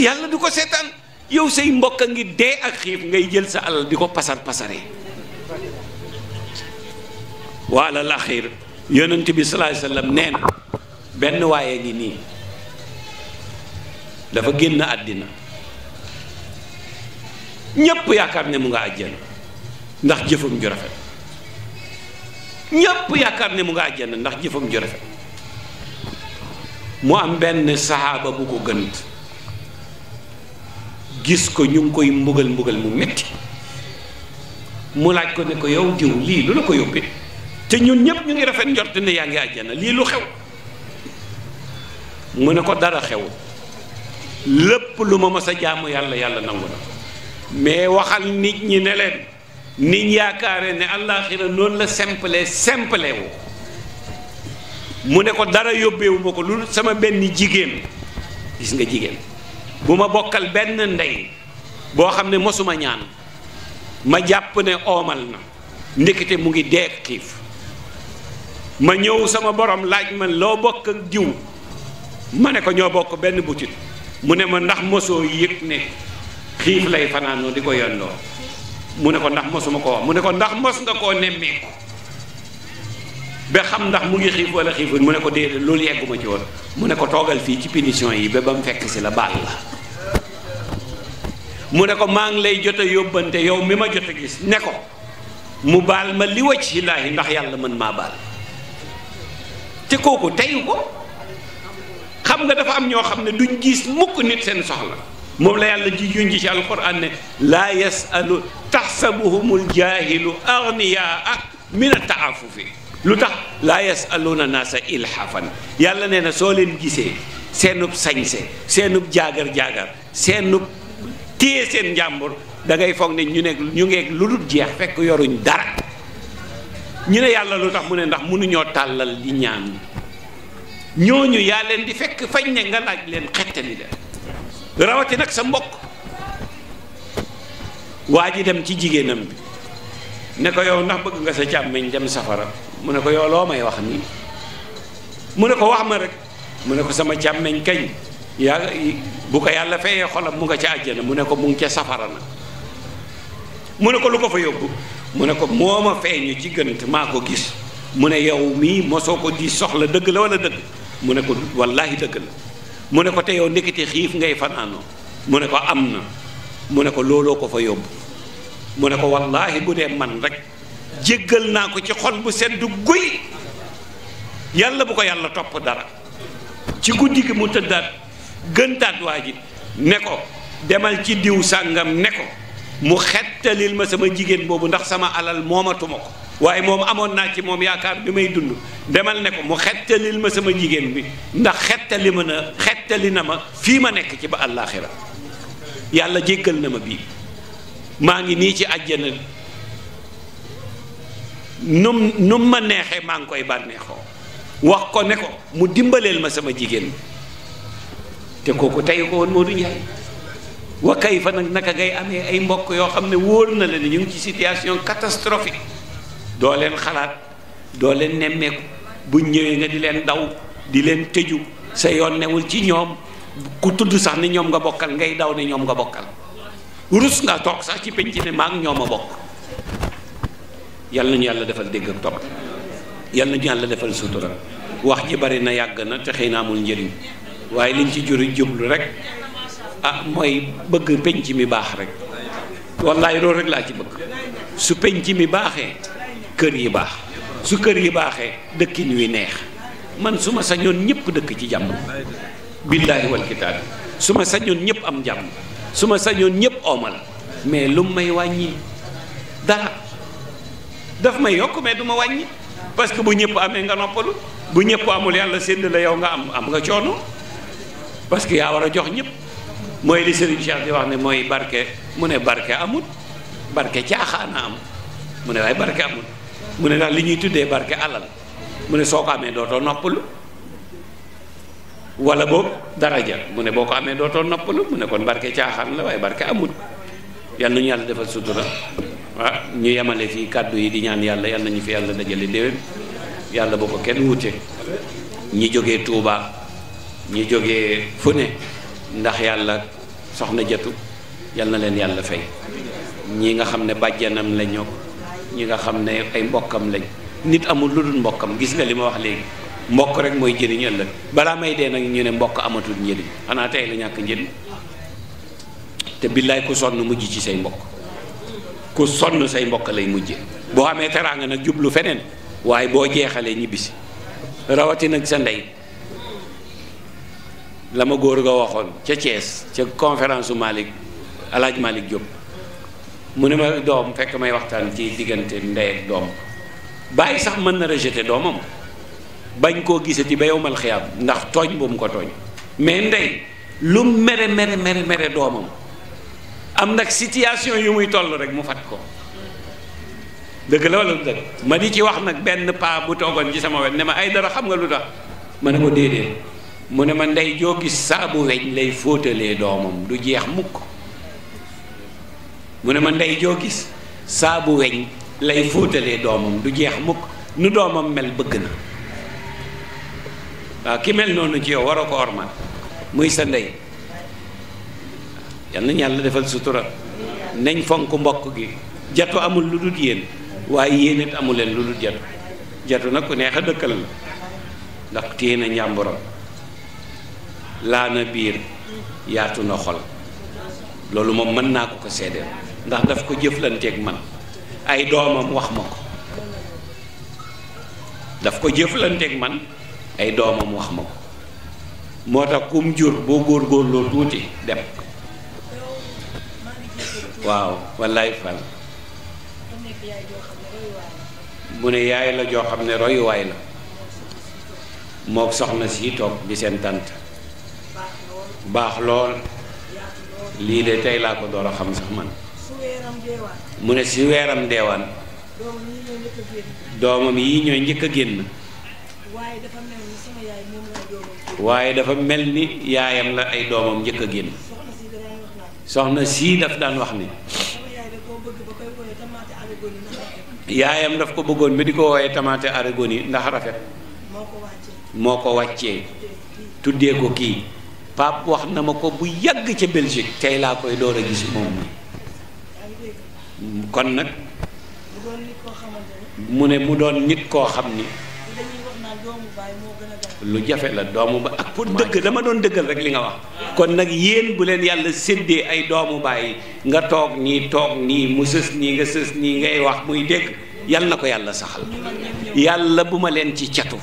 S2: yàlla du ko seetaan yow say mbokk a ngi dee ak xiif ngay jël sa alal di ko pasar pasaree wa alal axir yonent bi salaay sallam nee na benn waaye ngi nii dafa génn àddina ñépp yaakaar ne mu nga àjjana ndax jëfam ju rafet ñépp yaakaar ne mu nga àjjana ndax jëfam ju rafet mu am benn saaba bu ko gënt gis ko ñu ngi koy mbugal mbugal mu metti mu laaj ko ne ko yow diw lii lu la ko yóbbee te ñun ñëpp ñu ngi rafet njort ne yaa ngi àjjana lii lu xew mu ne ko dara xew lépp lu ma mës a jaamu yàlla yàlla nangu na mais waxal nit ñi ne leen nit yaakaare ne àllaaxira noonu la simple simple wu mu ne ko dara yóbbewuma ko lu sama benn jigéen gis nga jigéen bu ma bokkal benn ndey boo xam ne mosuma ñaan ma jàpp ne oomal na ndekete mu ngi dee xiif ma ñëw sama borom laaj man loo bokk ak jiw ma ne ko ñoo bokk benn butit mu ne ma ndax mosoo yëg ne xiif lay fanaanoo di ko yendoo mu ne ko ndax mosuma ko wax mu ne ko ndax mos nga koo nemmeeku ba xam ndax mu ngi xiif wala xiiful mu ne ko déedéet loolu yegguma ci woon mu ne ko toogal fii ci punition yi ba mu fekk si la baal la mu ne ko maa ngi lay jot a yóbbante yow mi ma jot a gis ne ko mu baal ma li wacc ci laahi ndax yàlla mën maa baal te kooku teyu ko xam nga dafa am ñoo xam ne duñ gis mukk nit seen soxla moom la yàlla ji junj ci alquran ne laa yasalu taxsabuhumul jaahilu agniyaa min a taafufi lu tax laa yasaluuna naasa ilhafan yàlla nee na soo leen gisee seenub sañse seenub jaagar-jaagar seenub téye seen njàmbur dangay foog ne ñu nekk ñu ngeeg lu dul jeex fekk yoruñ dara ñu ne yàlla lu tax mu ne ndax mënuñoo tàllal di ñaan ñooñu yaa leen di fekk fañ ne nga laaj leen xettali de rawati nag sa mbokk waa ji dem ci jigéenam bi ne ko yow ndax bëgg nga sa càmmiñ dem safara mu ne ko yow loo may wax nii mu ne ko wax ma rek mu ne ko sama càmmiñ kañ yaa bu ko yàlla fayee xolam mu nga ca àjjana mu ne ko mu ngi ca safara na mu ne ko lu ko fa yóbbu mu ne ko moo ma feeñu ci gënt maa ko gis mu ne yow mii mosoo ko di soxla dëgg la wala dëgg mu ne ko wallaahi dëgg la mu ne ko te yow ndekete xiif ngay fanaanoo mu ne ko am na mu ne ko looloo ko fa yóbbu mu ne ko wallaahi bu dee man rek jéggal naa ko ci xol bu sedd guy yàlla bu ko yàlla topp dara ci guddi gi mu tëddaat gëntaat waa ji ne ko demal ci diw sàngam ne ko mu xettalil ma sama jigéen boobu ndax sama alal moomatuma ko waaye moom amoon naa ci moom yaakaar bi may dund demal ne ko mu xettalil ma sama jigéen bi ndax xettali ma na xettali na ma fii ma nekk ci ba àllaaxira yàlla jékkal na ma bii maa ngi nii ci àjjana num num ma neexee maa ngi koy bànneexoo wax ko ne ko mu dimbaleel ma sama jigéen bi te kooku tey ko woon Modou Ndiaye wa yi fa nag naka ngay amee ay mbokk yoo xam ne wóor na la ne ñu ngi ci situation catastrophique doo leen xalaat doo leen nemmeeku buñ ñëwee nga di leen daw di leen tëju sa yoon newul ci ñoom ku tudd sax ne ñoom nga bokkal ngay daw ne ñoom nga bokkal rus nga toog sax ci penc ne maa ak ñoom a bokk yàlla nañu yàlla defal dégg ak topp yal nañu yàlla defal sutura wax ji bari na yàgg na te xëy na amul njëriñ waaye liñ ci juri jublu rek ah mooy bëgg penc mi baax rek wallaay loolu rek laa ci bëgg su penc mi baaxee kër yi baax su kër yi baaxee dëkkin wi neex man su ma sañoon ñëpp dëkk ci jàmm billaahi wal kitaabi su ma sañoon ñëpp am jàmm su ma sañoon ñëpp oomal mais lu may wàññi dara daf may yokk mais du ma wàññi parce que bu ñëpp amee nga noppalu bu ñëpp amul yàlla sédd la yow nga am am nga coono parce que yaa war a jox ñëpp. mooy li Serigne Cheikh wax ne mooy barke mu ne barke amut barke caaxaana am mu ne waaye barke amut mu ne ndax li ñuy tuddee barke alal mu ne soo ko amee dootoo noppalu wala boobu daraja mu ne boo ko amee dootoo noppalu mu ne kon barke caaxaan la waaye barke amut yal na ñu yàlla defal sutura ah ñu yemale fii kàddu yi di ñaan yàlla yàlla na ñu fi yàlla dajale déwén yàlla boo ko kenn wute ñi jógee Touba ñi jógee fu ne ndax yàlla soxna jatu yal na leen yàlla fay ñi nga xam ne bàjjanam lañ ñoo ñi nga xam ne ay mbokkam lañ nit amul lu dul mbokkam gis nga li ma wax léegi mbokk rek mooy jëriñ ëllëg balaa may dee nag ñu ne mbokk amatul njëriñ xanaa tey la ñàkk njëriñ te billaay ku sonn mujj ci say mbokk ku sonn say mbokk lay mujje boo amee teraanga nag jublu feneen waaye boo jeexalee ñibbisi rawatina ak sa ndey la ma góor ga waxoon ca Thiès ca conférence su Malick El Hadj Malick mu ne ma doom fekk may waxtaan ci diggante ndey ak doom bàyyi sax mën na rejeté doomam bañ koo gisati ba mal xiyaam ndax tooñ bu mu ko tooñ mais ndey lu mere mere mere mere doomam am nag situation yu muy toll rek mu fat ko dëgg la wala lu dëgg ma di ci wax nag benn paa bu toogoon ci sama wet ne ma ay dara xam nga lu tax ma ne ko déedéet. mu ne ma ndey joo gis saabu weñ lay fóotalee doomam du jeex mukk mu ne ma ndey joo gis saabu weñ lay fóotalee doomam du jeex mukk nu doomam mel bëgg na waaw ki mel noonu ci yow war a ko ormal muy sa ndey yal nañu yàlla defal sutura nañ fonk mbokk gi jatu amul lu dul yéen waaye yéen it leen lu dul jatu jatu na ku neex a dëkkal la ndax téye na njàmburam laa na biir yaatu na xol loolu moom mën naa ko ko seddeel ndax daf ko jëflanteeg man ay doomam wax ma ko daf ko jëflanteeg man ay doomam wax ma ko moo tax kum jur boo góorgóorloo tuuti dem waaw wallaay fal mu ne yaay la joo xam ne royuwaay la mook soxna si toog di seen tànt baax lool lii de tey laa ko door a xam sax man mu ne si weeram deewaan doomam yi ñooy njëkk a génn waaye dafa mel ni yaayam la ay doomam njëkk a génn soxna sii daf daan wax ni yaayam daf ko bëggoon ba di ko wooyee tamaate aragoni ndax rafet moo ko wàccee tuddee ko kii Pape wax na ma ko bu yàgg ca Belgique tey laa koy door a gis moom mi kon nag mu ne mu doon nit koo xam ni lu jafe la doomu ba ak pour dëgg dama doon dëggal rek li nga wax kon nag yéen bu leen yàlla séddee ay doomu baay nga toog nii toog nii mu sës nii nga sës nii ngay wax muy dégg yàlla na ko yàlla saxal yàlla bu ma leen ci catu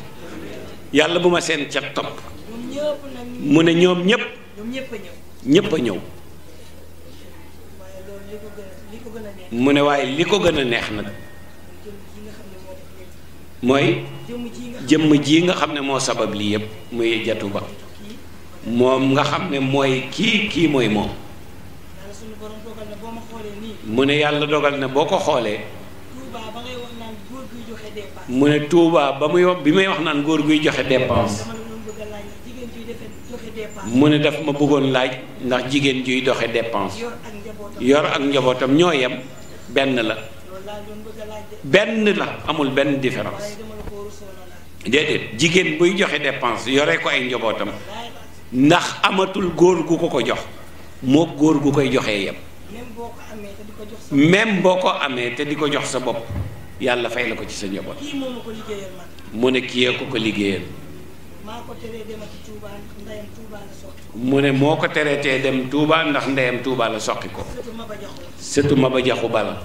S2: yàlla bu ma seen cat topp mu ne ñoom ñëpp ñëpp a ñëw mu ne waaye li ko gën a neex nag mooy jëmm ji nga xam ne moo sabab lii yëpp muy jatu ba moom nga xam ne mooy kii kii mooy moom mu ne yàlla dogal na boo ko xoolee mu ne tuubaa ba muy bi may wax naan góor guy joxe dépense mu ne daf ma bëggoon laaj ndax jigéen juy doxe dépense yor ak njabootam ñoo yem benn la benn la amul benn différence déedéet jigéen buy joxe dépense yore ko ay njabootam ndax amatul góor gu ko ko jox moo góor gu koy joxee yem même boo ko amee te di ko jox sa bopp yàlla fay la ko ci sa njaboot mu ne kii yee ko ko liggéeyal mu ne moo ko tereetee dem Touba ndax ndeyam Touba la soqi ko ma ba Jaxu Bala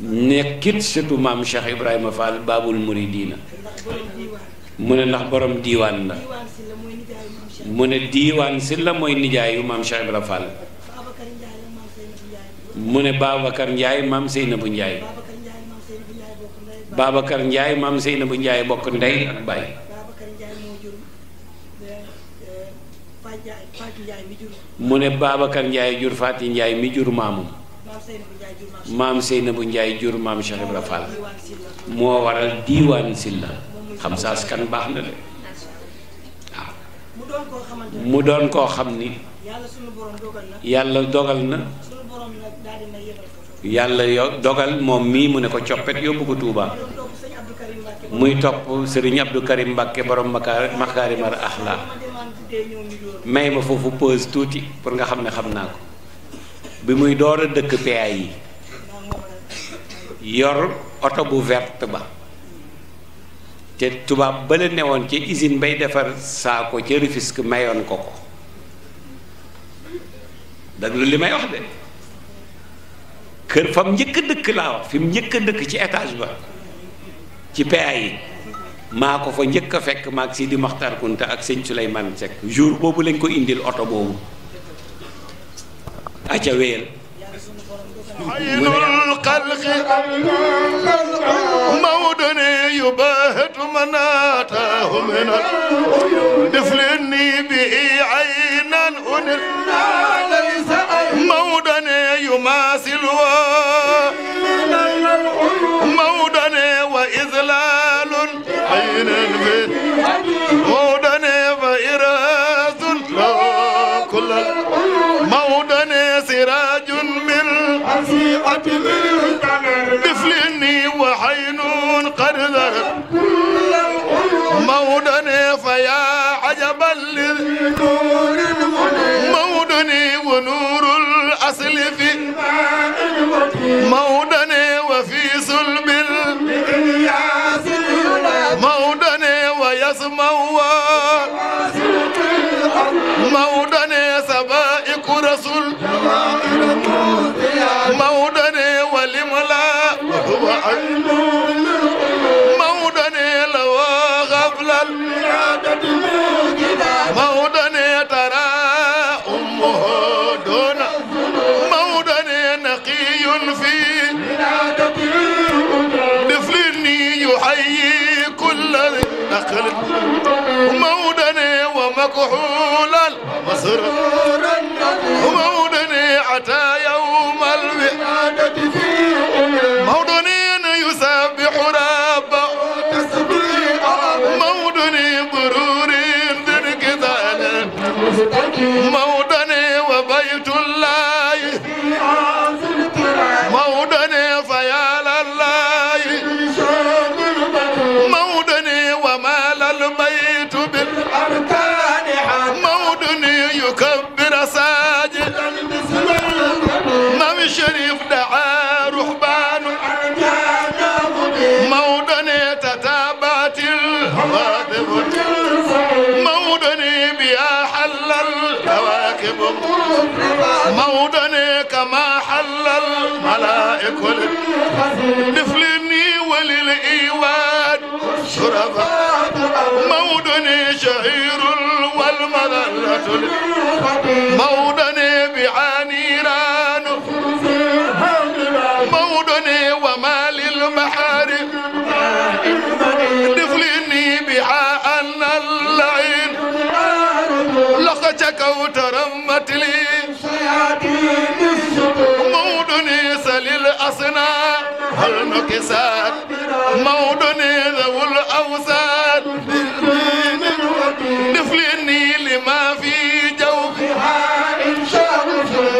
S2: nekkit setu maam Cheikh Ibrahima Fall Baabul diina mu ne ndax borom diiwaan la mu ne diiwaan si la mooy nijaayu maam Cheikh Ibrahima Fall mu ne Babacar Ndiaye maam Seynabou Ndiaye Babacar njaay maam Seynabou Ndiaye bokk ndey ak baay mu ne Babacar njaay jur Faati njaay mi jur maamum maam Seynabu Ndiaye jur maam Cheikh Ibra moo waral diiwaan Silla xam sa askan baax na de
S1: ah. mu doon
S2: koo xam ni yàlla dogal na yàlla yo dogal moom mii mu ne ko coppet yóbbu ko Touba muy topp Serigne Abdou Karim Mbacke borom Makaarimal Axlaa may ma foofu pause tuuti pour nga xam ne xam naa ko bi muy door a dëkk PA yi yor oto bu vert ba te tubaab bala newoon ci usine bay defar saako ca Rufisque mayoon ko ko daglu li may wax de kër fam njëkk a dëkk laa wax fi mu njëkk a dëkk ci étage ba ci PA yi maa ko fa njëkk a fekk maag Sidi Maxtar Kunta ak sëñ Souleymane Seck jour boobu lañ ko indil oto boobu aca wéyal
S1: mawdon yubahatu manatahu min def leen nii bi aynan unir mawdon yumaa دني فيا عجبا للنور وكحولا وسرورا ومودني عتى يوم الوحادة في أمي موضنا كما حل الملائك لفلني وللإيوان شرفا موضنا شهير والمذلة موضنا نكسات مودن ذو الأوساد نفلني لما في جوفها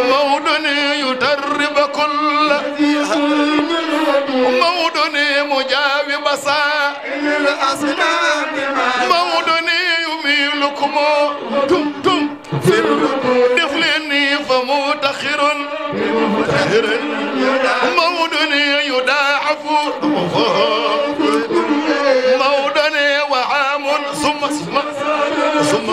S1: مودن يدرب كل مودن مجاوب ساء مودن يميلكم تم تم نفلني فمتخر مودن مودني وعام ثم ثم ثم